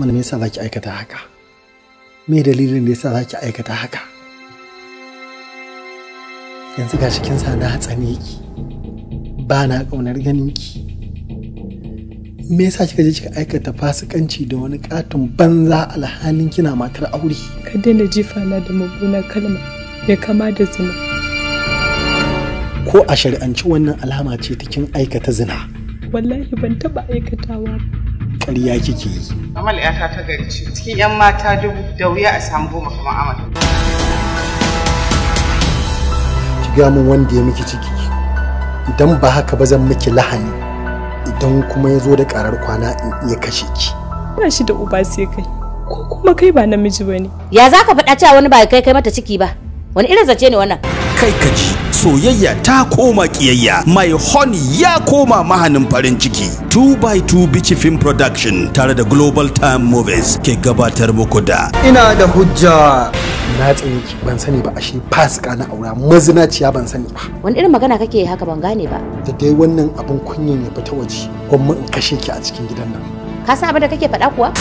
mana me yasa zaki aikata haka me dalilin da yasa zaki aikata haka yanzu ga shi kin sa na hatsane ki ba na kaunar ganin ki me yasa kika je kika aikata fasikanci da wani katon banza alhalin kina matar aure ka daina jifa na da mabuna kalma ya kama da zina ko a shari'anci wannan alama ce ta kin aikata zina wallahi ban taba aikatawa ba ƙarya kike yi amal Ya ta gari ce cikin yan mata dubu da wuya a samu goma kamar amal ki ga mun wanda ya miki ciki idan ba haka ba zan miki lahani idan kuma ya zo da karar kwana in iya kashe ki ba shi da uba sai kai ko kuma kai ba namiji ba ne ya za ka faɗa cewa wani ba kai kai mata ciki ba wani irin zace ne wannan kai ka ji soyayya ta koma kiyayya mai honey ya koma mahanin farin ciki 2x2 Bichi film production tare da global time movies ke gabatar muku da ina da hujja na tsinki ban sani ba ashe fasika na aura mazinaciya ban sani ba wani irin magana kake haka ban gane ba da dai wannan abin kunyan ya fita waje kuma in kashe ki a cikin gidan nan ka san abin da kake faɗa kuwa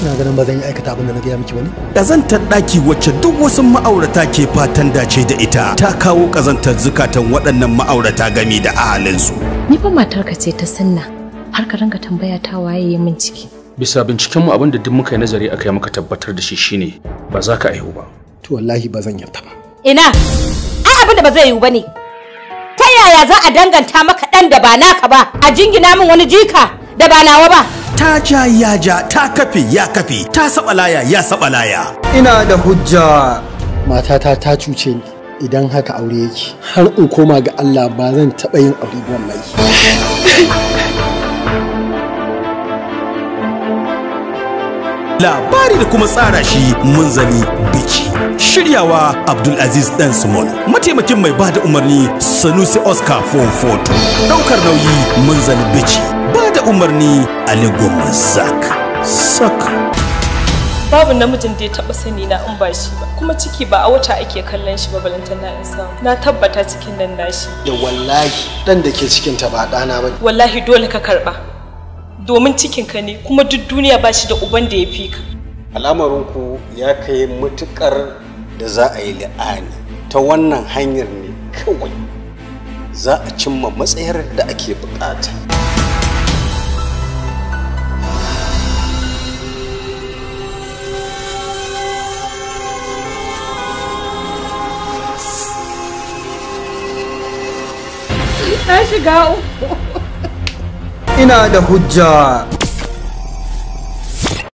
ina ganin ba zan yi aikata abin da na gaya miki ne kazantar daki wacce duk wasu ma'aurata ke fatan dace da ita ta kawo kazantar zukatan waɗannan ma'aurata game da ahalinsu ni fa matarka ce ta sanna har ka ranka tambaya ta waye ya min ciki bisa binciken mu abin da duk muka yi nazari aka yi maka tabbatar da shi shine ba za ka aihu ba to wallahi ba zan yarda ba ina ai abin da ba zai yiwu bane ta yaya za a danganta maka dan da ba naka ba a jingina min wani jika da ba nawa ba ta ja ya ja ta kafe ya kafe ta saba laya ya saba laya ina da hujja matata ta cuce ni idan haka aure yake har in koma ga Allah ba zan taɓa yin aure mai. labari da kuma tsara shi munzali bici shiryawa abdulaziz dan small mataimakin mai bada umarni sanusi oscar Fonfoto. ɗaukar nauyi munzali bici umarni Ali goma Zak. Sak. Babu namijin da ya taɓa sani na in ba shi ba, kuma ciki ba a wata ake kallon shi ba balantan na samu. Na tabbata cikin nan nashi. Da wallahi ɗan da ke cikin ta ba ɗana ba. Wallahi dole ka karɓa. Domin cikin ka ne kuma duk duniya ba shi da uban da ya fi ka. Al'amarinku ya kai matukar da za a yi la'ani ta wannan hanyar ne kawai za a cimma matsayar da ake buƙata. na shiga uku ina da hujja